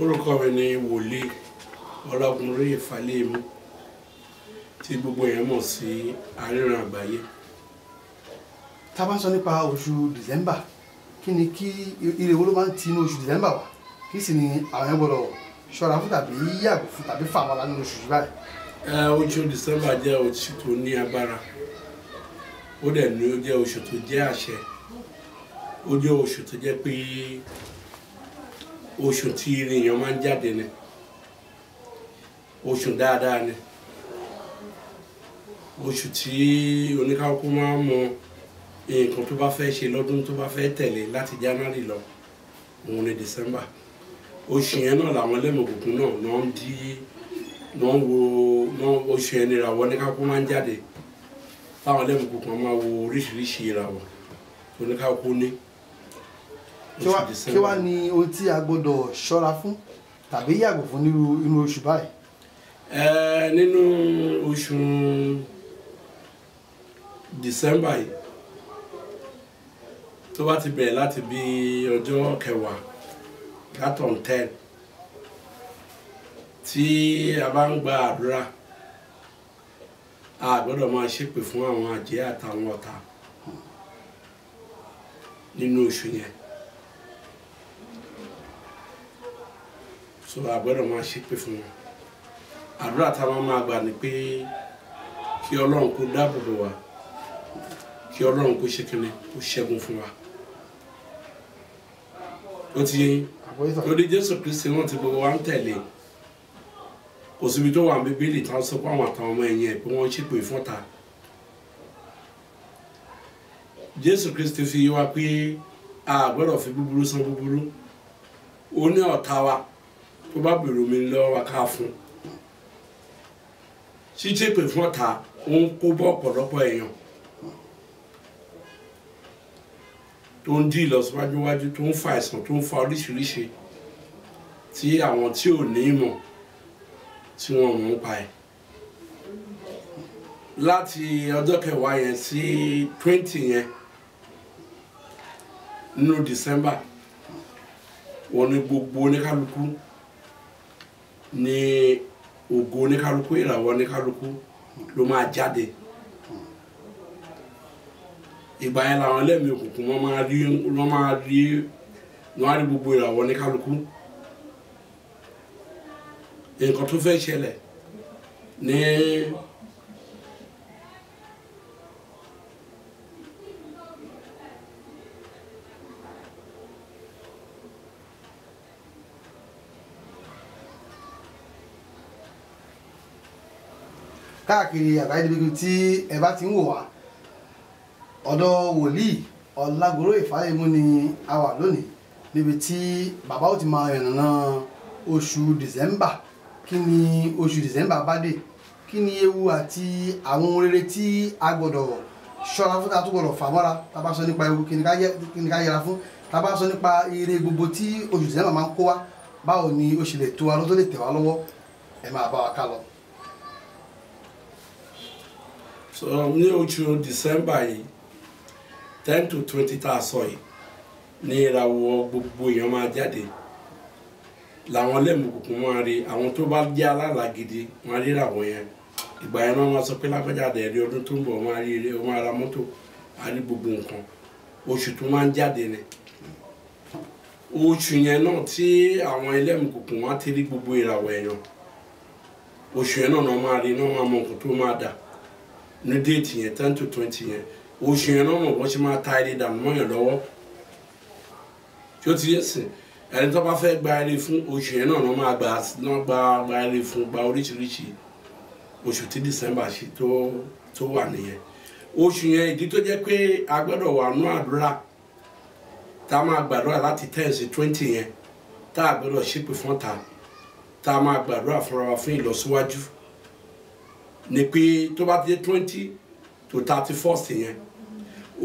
orúkọ mi ni wòlíì ọlọ́gùnrin ìfàlẹ́mú tí gbogbo èèyàn mọ̀ sí aríran àgbáyé. tá a bá sọ nípa oṣù dìsẹ́mbà kí ni kí ire wo ló máa ń ti inú oṣù dìsẹ́mbà wá kí sì ni àwọn yẹn gbọdọ̀ ṣọ́ra fún tàbí yàgò fún tàbí fà wọn lánàá oṣù yìí báyìí. oṣù dìsẹ́mbà jẹ́ oṣù tó ní agbára ó dẹ̀ ní ó jẹ́ oṣù tó jẹ́ àṣẹ ó jẹ́ oṣù tó jẹ́ pé oṣù tí ire máa ń jáde ni oṣù dáadáa ni oṣù tí oníkálukú máa ń mọ nǹkan tó bá fẹ́ ṣe lọ́dún tó bá fẹ́ tẹ̀lé láti january lọ òun ni december oṣù yẹn náà làwọn ẹlẹ́mọ̀gbòkun náà náà ń dí náà ń wo náà oṣù yẹn nira wọ oníkálukú máa ń jáde táwọn ẹlẹ́mọ̀gbòkun máa wo oríṣiríṣi ìràwọ̀ oníkálukú ní kí wá ni ohun tí a gbọ́dọ̀ ṣọ́ra fún tàbí yàgò fún nírú inú oṣù báyìí. nínú oṣù december yìí tó bá ti bẹ̀rẹ̀ láti bí ọjọ́ kẹwàá látọ̀n ten tí a bá ń gba àdúrà a gbọ́dọ̀ máa ṣépè fún àwọn àjẹ́ àtàwọn ọ̀tá nínú oṣù yẹn so àgbẹ̀rọ̀ máa ṣépè fún wọn àdúrà táwọn máa gbà ní pé kí ọlọ́run kó dáàbò bò wá kí ọlọ́run kó ṣe kínní kó ṣẹ́gun fún wa ó ti yẹn lórí jésù kristi wọn ti gbogbo wa ń tẹ̀lé kò síbi tó wà bíbélì táwọn sọ pé àwọn àtàwọn ọmọ ẹ̀yìn ẹ̀ pé wọ́n ṣépè fún ta jésù kristi fi yé wa pé a fi búburú san búburú ó ní ọ̀tá wa tó bá bèrò mi lọ́wọ́ ká fún ṣíṣe pè fún ọ̀tá ó ń kó bọ́ ọ̀pọ̀lọpọ̀ èèyàn tó ń dí ìlọsíwájú wájú tó ń fa àìsàn tó ń fa oríṣiríṣi tí àwọn tí ò ní ìmọ̀ tí wọ́n mú pa ẹ̀ láti ọjọ́ kẹwàá yẹn sí twenty yẹn nínú December wọ́n ní gbogbo oníkálukú. No Ni ògo oníkálukú ìràwọ̀ oníkálukú ló máa jáde ìgbà yẹn làwọn ẹlẹ́mìí òkùnkùn wọ́n máa rí wọ́n máa rí wọ́n á rí gbogbo ìràwọ̀ oníkálukú nǹkan tó fẹ́ ṣẹlẹ̀ ní. Nee, káàkiri àgbáyé débi tí ẹ bá ti ń wò wá ọ̀dọ̀ wòlíì ọ̀làgòrò ìfàlẹ́mú ni a wà lónìí níbi tí bàbá ó ti máa yànnàná oṣù dìsẹ́mbà kí ni oṣù dìsẹ́mbà bá dé kí ni ewu àti àwọn ohun rere tí a gbọ́dọ̀ ṣọ́ra fún tàbí gbọ́dọ̀ fà mọ́ra tá bá sọ nípa ewu kí ni ká yẹra fún tá sọ nípa ire gbogbo tí oṣù dìsẹ́mbà máa ń kó wá báwo ni ó ṣe lè tó wa lọ́tọ́ lè tẹ̀ wá lọ́wọ́ ẹ máa bá wa ká lọ. so um, ní oṣù december yìí ten to twenty tá a sọ yìí ní ìràwọ̀ gbogbo èèyàn máa jáde làwọn lẹ́mùkùkù máa rí àwọn tó bá jẹ́ alálà gidi máa rí ìràwọ̀ yẹn ìgbà yẹn náà máa sọ pé lágbájáde ẹ̀rí ọdún tó ń bọ̀ máa rí eré ó máa ra mọ́tò á rí gbogbo nǹkan oṣù tó máa ń jáde ni oṣù yẹn náà tí àwọn ẹlẹ́mùkùkù wọn á ti rí gbogbo ìràwọ̀ èèyàn oṣù yẹn náà máa rí náà máa mọ nǹkan tó máa dà ní déètì yẹn ten to twenty yẹn oṣù yẹn náà mọ̀ bọ́ ṣe máa ta eré dànù mọ́yàn lọ́wọ́ tí ó ti yẹ sìn ẹni tó bá fẹ́ gba eré fún oṣù yẹn náà lọ́ máa gba náà gba gba eré fún gba oríṣiríṣi oṣù tí december ṣe tó tó wà nìyẹn oṣù yẹn ìdí tó jẹ́ pé a gbọ́dọ̀ wà nú àdúrà tá a máa gbàdúrà láti ten sí twenty yẹn tá a gbọ́dọ̀ ṣépè fún ta tá a máa gbàdúrà fúnra wa fún ìlọsíwájú ni pé tó bá ti dé twenty to thirty first yẹn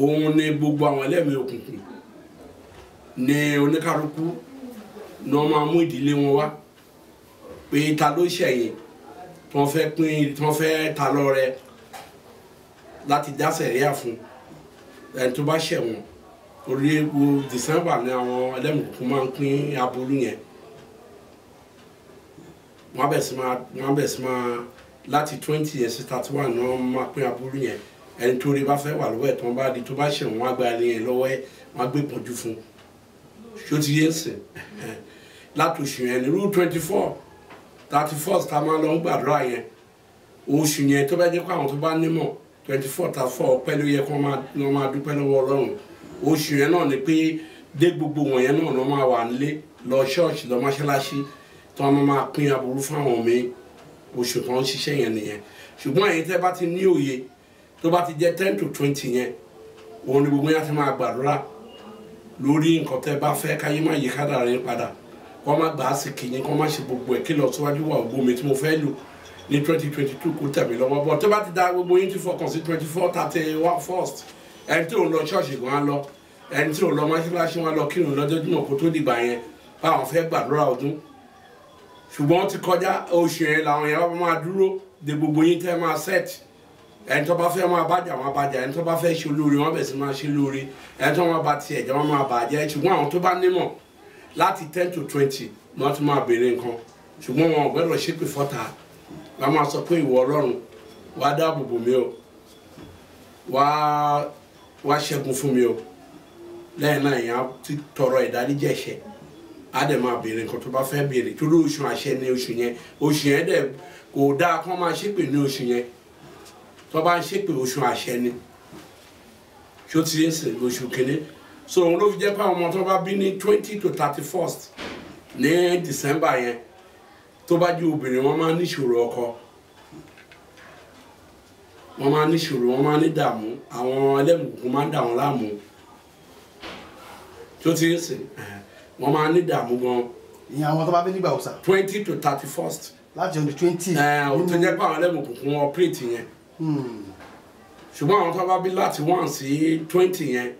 òun ni gbogbo àwọn ẹlẹ́mìí òkùnkùn ni oníkálukú ni wọ́n máa mú ìdílé wọn wá pé ta ló ṣẹ̀yìn tí wọ́n fẹ́ pín tí wọ́n fẹ́ ta lọ́rẹ láti dá sẹ̀ríà fún ẹni tó bá ṣẹ̀ wọ́n orí epo december ni àwọn ẹlẹ́mìí òkùnkùn máa ń pín aburú yẹn wọ́n á bẹ̀ sí máa wọ́n á bẹ̀ sí máa láti twenty years sí thirty one náà máa pín aburú yẹn ẹni tó rí bá fẹ́ wà lọ́wọ́ ẹ̀ tán bá di tó bá ṣẹ̀wọ̀n wọn àgbà ni ẹ̀ lọ́wọ́ ẹ̀ wọn á pọ̀jù fún un ṣó ti yé sìn látòṣù yẹn ní rule twenty four thirty first tá a máa lọ ń gbàdúrà yẹn oṣù yẹn tó bá jẹ́ pé àwọn tó bá nímọ̀ twenty four thirty four ọpẹ́ ló yẹ kó wọ́n máa dúpẹ́ lọ́wọ́ ọlọ́run oṣù yẹn náà ni pé dé gbogbo wọ̀nyẹn náà lọ́ máa wà nílé lọ ṣọ́ọ̀ṣì lọ mọ́ṣáláṣí tí wọ́n máa pín aburú fáwọn míì oṣù tó ń ṣiṣẹ́ yẹn nìyẹn ṣùgbọ́n ẹ̀yin tẹ́ bá ti ní òye tó bá ti jẹ́ ten to twenty yẹn òun ni gbogbo yẹn ti máa gbàdúrà lórí nǹkan tẹ́ bá fẹ́ káyé má yí kádà rẹ̀ padà kó má gbà á sì kìyìn kó má ṣe gbogbo ẹ̀ kí lọ síwájú wà ògo mi tí mo fẹ́ lò ní twenty twenty two kó tẹ̀mí lọ́wọ́ bọ́ tó bá ti da gbogbo yín ti fọkàn sí twenty four thirty one first ẹni tí òun lọ ṣọ́ọ̀ṣì gan an lọ ẹni tí òun lọ mọ́ṣáláṣí wọn lọ kírun lọ́jọ́ jùmọ̀ kó tó dìgbà yẹn báwọn fẹ́ gbàdúrà ọdún ṣùgbọ́n ti kọjá oṣù yẹn làwọn yẹn wọ́n máa dúró de gbogbo yín tẹ́ máa set ẹni tó bá fẹ́ máa bàjẹ́ àwọn abàjẹ́ ẹni tó bá fẹ́ ṣe lóore wọ́n bẹ̀sẹ̀ máa ṣe lóore ẹni tó máa ba tiẹ̀ jẹ́ wọ́n máa bàjẹ́ ṣùgbọ́n àwọn tó bá nímọ̀ láti ten to twenty ni wọ́n ti máa béèrè nǹkan ṣùgbọ́n wọn ò gbẹ́dọ̀ ṣépè fọ́ta wọ́n máa sọ pé ìwọ ọlọ́run wàá dáàbò bò mí o wàá wàá ṣẹ́gun fún mi o lẹ́yìn náà èèyàn ti tọrọ ìdáríjẹ̀ṣẹ̀ á dẹ̀ máa béèrè nǹkan tó bá fẹ́ béèrè torí oṣù àṣẹ ni oṣù yẹn oṣù yẹn dẹ̀ kò dáa kó máa ṣépè ní oṣù yẹn tó bá ń ṣépè oṣù àṣẹ ni ṣó ti ń sìn oṣù kínní so òun ló fi jẹ́ pé àwọn ọmọ tó bá bí ní twenty to thirty first ní December yẹn tó bá jẹ́ obìnrin wọ́n máa níṣòro ọkọ wọ́n máa níṣòro wọ́n máa ní dààmú àwọn ẹlẹ́mùkún máa ń dà wọ́n láàmú tó ti ń sìn wọ́n máa ní dààmú gan. ìyẹn àwọn tó bá fẹ́ nígbà òòsà. twenty to thirty first. láti ọdún twenty. ẹ eh, o tó jẹ́ pé àwọn ẹlẹ́mù kùkùn wọn plate yẹn. Hmm. ṣùgbọ́n àwọn tó bá bí láti one sí twenty yẹn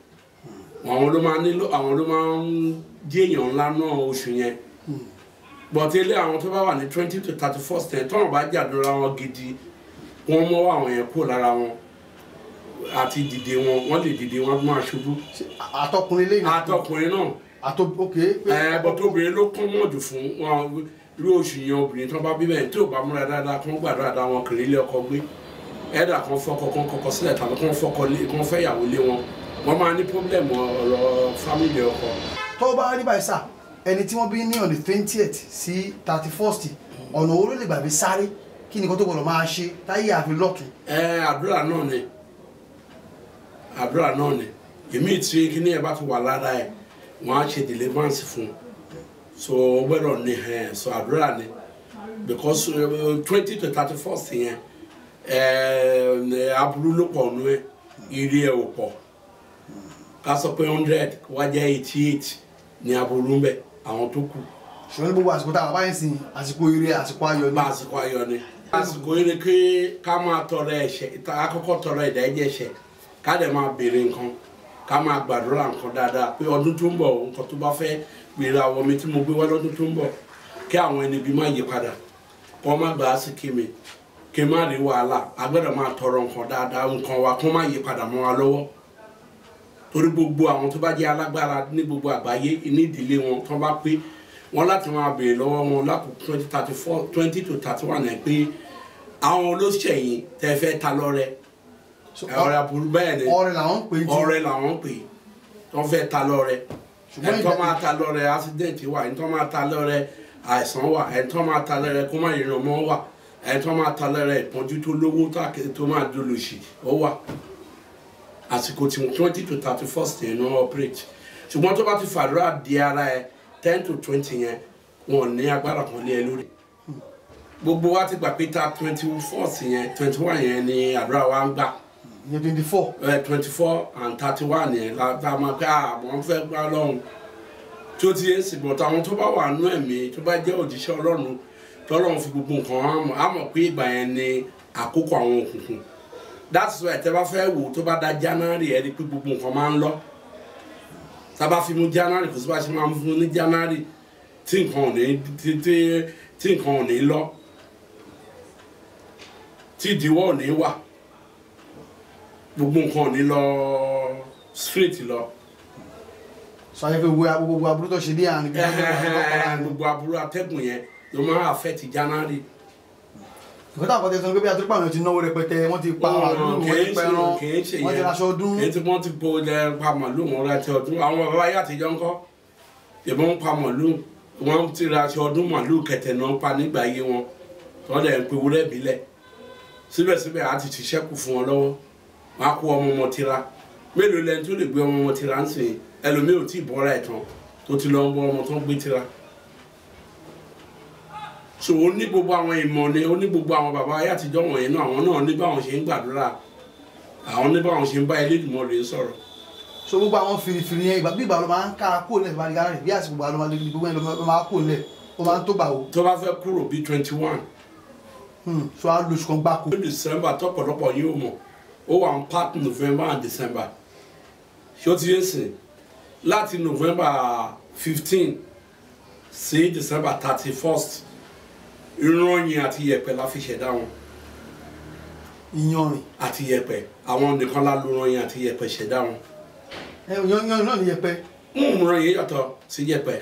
àwọn ló máa nílò àwọn ló máa ń jí èèyàn ńlá náà oṣù yẹn hmm. bọ̀tí ilé àwọn tó bá wà ní twenty to thirty first yẹn tọ́rọ̀ bá jàdúrà wọn gidi wọ́n mọ́ àwọn yẹn kúrò lára wọn àti dìde wọn wọ́n lè dìde wọn máa ṣubú. àtọkùnrin lè ní. àtọkùnrin náà àtò ok. ẹ bọ tóbìnrin ló kún mọ jù fún wọn irú oṣù yẹn obìnrin tó bá bí bẹ́ẹ̀ tí ò bá múra dáadáa kó ń gbàdúrà dáa wọn kiri ilé ọkọ gbé ẹ̀dà kan fọkọ kan kọkọ sílẹ̀ tàbí kan fọkọ kan fẹ́ ìyàwó lé wọn wọn máa ní pọ́blẹ́mù ọ̀rọ̀ fámìlì ọkọ. tó bá rí báyìí sà ẹni tí wọ́n bí ní on the twentieth sí thirty first ọ̀nà owó ló lè gbàgbé sáré kí ni kó tó gbọdọ̀ máa ṣe táyé àfi lọ́tún. ẹ àdúrà náà ni àdúrà náà ni èmi ìtì kíní ẹ bá fi wà lára ẹ wọn á ṣe deliverance fún so ó gbọ́dọ̀ ní ẹ eh, so àdúrà ni because eh, twenty to thirty first yẹn ẹ eh, aburú ló pọ̀ nù ẹ ire ẹ ò pọ̀ ká sọ pé hundred wá jẹ́ eighty eight ní aburú ń bẹ àwọn tó kù. ṣùgbọ́n gbogbo àsìkò tá a bá yẹn sìn àsìkò ire àsìkò ayọ̀ ni. àsìkò ayọ̀ ni àsìkò ire ká máa tọrọ ẹ̀ṣẹ̀ ká kọ́kọ́ tọrọ ìdájẹ́ ẹ̀ṣẹ̀ ká dẹ̀ máa béèrè nǹkan ká máa gbàdúrà nǹkan dáadáa pé ọdún tó ń bọ̀ nǹkan tó bá fẹ́ gbèrè àwọn mi tí mo gbé wá lọ́dún tó ń bọ̀ kí àwọn ẹni bí má yí padà kó má gbà á sí kí mi kí má rí wàhálà a gbọ́dọ̀ máa tọrọ nǹkan dáadáa nǹkan wa kó má yí padà mọ́ wa lọ́wọ́ torí gbogbo àwọn tó bá jẹ́ alágbára ní gbogbo àgbáyé ní ìdílé wọn tó bá pé wọn láti máa béèrè lọ́wọ́ wọn lákòókò twenty thirty four twenty to thirty one ẹ̀ pé àwọn olóṣèyìn tẹ́ fẹ́ ta lọ́rẹ́ ọ̀rẹ́ aburú bẹ́ẹ̀ ni ọ̀rẹ́ làwọn pè é ọ̀rẹ́ làwọn pè é wọ́n fẹ́ ta lọ́rẹ́ ẹni tó máa ta lọ́rẹ́ accident wà ẹni tó máa ta lọ́rẹ́ àìsàn wà ẹni tó máa ta lọ́rẹ́ kó má yẹn ọmọ wà ẹni tó máa ta lọ́rẹ́ ìpọ́njú tó lówó tó máa dolòṣì ó wà àsìkò tí twenty to thirty first yẹn ni wọ́n operate ṣùgbọ́n tó bá ti fàdúrà di ara ẹ ten to twenty yẹn wọn ò ní agbára kan lé ẹ lórí gbogbo wa ti gbà pé ta twenty fourth yẹn twenty one yẹn ni àdúrà wa ń gbà yẹ twenty four. ẹ eh, twenty four and thirty one yẹn la máa pẹ́ àwọn ah, fẹ́ gbá lọ́hùn tí ó ti yé sì bọ̀tà àwọn tó bá wà nú ẹ̀mí tó bá jẹ́ òjíṣẹ́ ọlọ́run tọ́lọ́run fi gbogbo nǹkan á mọ̀ pé ìgbà yẹn ni àkókò àwọn òkùnkùn that's why tẹ́ bá fẹ́ wò tó bá da january ẹ̀ rí pé gbogbo nǹkan máa ń lọ tá a bá fi mú january kò sí bá ṣe máa ń fún ní january tí nǹkan ò ní tí nǹkan ò ní lọ tí ìdíwọ́ ò ní wà gbogbo nǹkan ò ní lọ straight lọ. sọyẹ pé gbogbo aburú tó ṣe dé àárín gbogbo aburú atẹ́gùn yẹn ló máa affect January ìkọ́tà àkọ́tẹ́ sọ pé bí atúrúpà àwọn ti náwó rẹpẹtẹ wọ́n ti pa màlúù wọ́n ti pẹran wọ́n ti raṣọ ọdún. èyí tí wọ́n ti bo ilẹ̀ pa màlúù wọn ra ti ọdún àwọn bàbá ayé àtijọ́ ńkọ́ ìbọn pa màlúù wọ́n ti ra ti ọdún màlúù kẹtẹ̀ náà pa nígbà ayé wọn wọ́n dẹ̀ ń pe wúrẹ́ bílẹ̀ síbẹ̀síbẹ̀ a ti ṣiṣẹ́ fún wọn lọ́wọ́ máa kó ọmọ ọmọ tira mélòó lẹni tó lè gbé ọmọ ọmọ tira ń sìn ẹlòmíì ò tí ì bọ́ra ẹ̀ tán tó ti lọ ń bọ́ ọmọ tó ń gbé tira so ó ní gbogbo àwọn ìmọ̀ ni ó ní gbogbo àwọn bàbá ayé àtijọ́ wọ̀nyí náà àwọn náà ní báwọn ṣe ń gbàdúrà àwọn ní báwọn ṣe ń bá Elédùmarè rèé sọ̀rọ̀. so gbogbo àwọn fìrìfìrì yẹn ìgbà bí ìgbà ló máa ń kára kó lẹ̀ ìgbà rẹ̀ bí àsìkò ìgbà ló máa lè gbogbo ẹ̀ ló máa kó lẹ̀ ó máa ń tó gbà o. tó bá fẹ́ kúrò bíi twenty one. Hmm, so a lóṣù ó wà ń part november and december ṣé ó ti yé sìn láti november fifteen sí december thirty first ìrànyìn àti yẹ̀pẹ̀ la fi ṣẹ̀dá wọn. ìyanrìn. àti yẹ̀pẹ̀ àwọn nìkan la lo ìrànyìn àti yẹ̀pẹ̀ ṣẹ̀dá wọn. ẹ ìyanrìn náà ni yẹ̀pẹ̀. ń ràn yín yàtọ̀ sí yẹ̀pẹ̀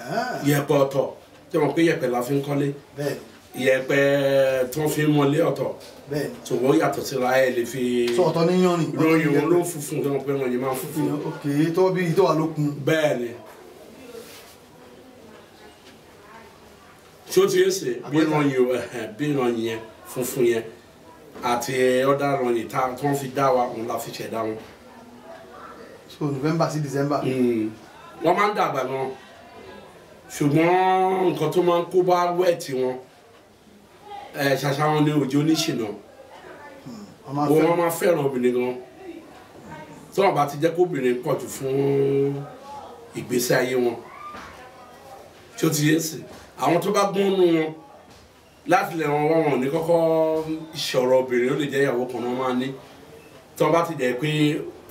ah. yẹ̀pẹ̀ ọ̀tọ̀ tí wọ́n pé yẹ̀pẹ̀ la fi ń kọ́lé. bẹ́ẹ̀ni ìyẹ̀pẹ̀ tó fi mọ́lé ọ̀tọ̀ ṣùgbọ́n yàtọ̀ síra ẹ̀ lè fi sọ̀tọ̀ níyàn ni lóyún òun ló funfun tó ń pẹ́ wọ̀nyí máa funfun. ok tó bí tó wà lókun. bẹ́ẹ̀ni tí ó ti yé sè bí ìrànyìn bí ìrànyìn yẹn funfun yẹn àti ọ̀dà ìrànyìn tá tó ń fi dá wa òun la fi ṣẹ̀dá wọn. so november sí december. Hmm. wọ́n máa ń dàgbà náà ṣùgbọ́n nǹkan tó máa ń kó bá wẹ̀ẹ̀tì wọn ṣàṣà wọn ní òjò oníṣìnà wọn máa fẹ́ràn obìnrin gan tí wọn bá ti jẹ́ kóbìnrin pọ̀ jù fún ìgbésí ayé wọn tí ó ti yé sí àwọn tó bá gún nu wọn láti lè wọn wọn ní kọ́kọ́ ìṣòro obìnrin ó lè jẹ́ ìyàwó kan náà máa ní tí wọn bá ti jẹ́ pé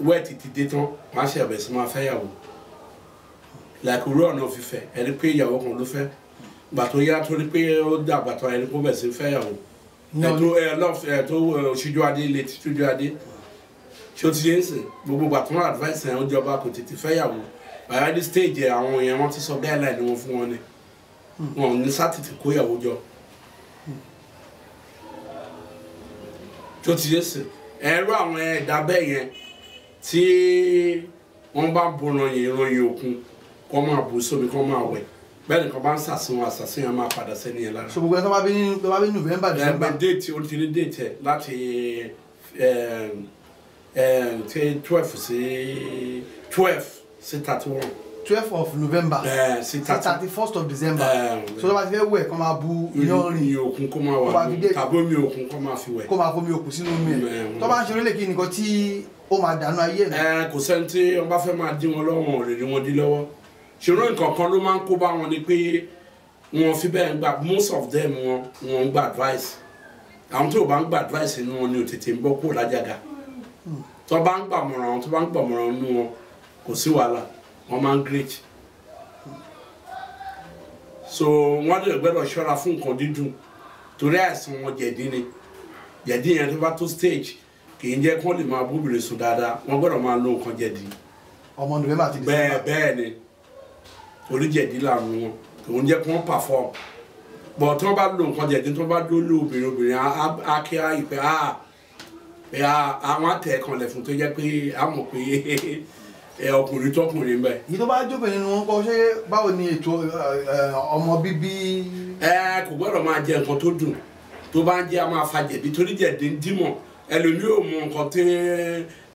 wẹ́ẹ̀tì ti dé tán máa ṣe àbẹ̀sí máa fẹ́ yàwó làkúrú ọ̀nà òfìfẹ́ ẹni pé ìyàwó kan ló fẹ́ gbà tó yá torí pé ó dàgbà tó ẹni kó bẹ̀sí fẹ́yàwó ẹ tó ẹ lọ́f ẹ tó ṣíjú adé ilé tí ṣíjú adé ṣé ó ti yé sìn gbogbo gbà tó advice ẹ̀ ń kò tètè fẹ́yàwó bàbá ní stage àwọn èèyàn wọn ti sọ guideline wọn fún wọn ni wọn ò ní sátìtì kó yàwó jọ tó ti yé sìn ẹ̀rọ àwọn ẹ̀dá bẹ́ẹ̀ yẹn tí wọ́n bá bọ̀ràn ìròyìn òkun kọ́ máa bù sómi kọ́ máa wẹ̀ bẹ́ẹ̀ ni kò bá ń sàsùn àsàsùn yẹn máa padà sẹ́ni yẹn lára. ṣùgbọ́n tó bá bí tó bá bí november december. ẹ déètì o ti ní déètì ẹ láti eh, eh, ti twelve sí twelve sí thirty one. twelve of november eh, sí thirty first of december so tó bá ti fẹ́ wẹ̀ kó máa bu iyán rìn. iye òkun kó máa wà ní tàbí omi òkun kó máa fi wẹ̀. kó máa fomi òkun sínú omi ẹ̀ tó bá ń ṣe orílẹ̀ kí nìkan tí ó máa dànù ayé ẹ̀. kò sẹ́ni tí wọ́n bá fẹ́ máa dín wọn lọ́wọ́ ò lè dín wọn dín lọ́wọ́ ṣùgbọ́n nǹkan kan ló máa ń kó bá wọn ni pé wọn fi bẹ́ẹ̀ ń gba most of them wọn wọn ń gba advice àwọn tó bá ń gba advice nínú wọn ni ò tètè ń bọ́ kó lájàgà tó bá ń gbàmọ̀ràn wọn tó bá ń gbàmọ̀ràn nínú wọn kò sí wàhálà wọn máa ń great so wọn lè gbẹ́dọ̀ ṣọ́ra fún nǹkan dídùn torí àìsàn wọn jẹ̀dí ni jẹ̀dí yẹn tó bá tó stage kì í jẹ́ kó lè máa bóbìnrin sùn dáadáa wọn gbọ́dọ̀ máa lo nǹkan jẹ̀dí. ọmọ November àti December bẹ́ẹ̀ bẹ́ẹ̀ ni torí jẹ̀dí làrùn wọn tòun jẹ́ kí wọ́n perform bọ̀ tí wọ́n bá lo nǹkan jẹ̀dí tí wọ́n bá dó lé obìnrin obìnrin á kí à ìpè á pé àwọn ah, àtẹ kanlẹ̀ fún tó jẹ́ pé á mọ̀ pé ẹ ọkùnrin tọkùnrin bẹ. èyí tó bá jóbìnrin ni wọn kọ ṣé báwo ni ètò ọmọ bíbí. ẹ kò gbọ́dọ̀ máa jẹ nǹkan tó dùn tó bá ń jẹ a máa fa jẹ̀bi torí jẹ̀dí ń dímọ̀ ẹlòmíì ò mọ nǹkan tẹ́ẹ́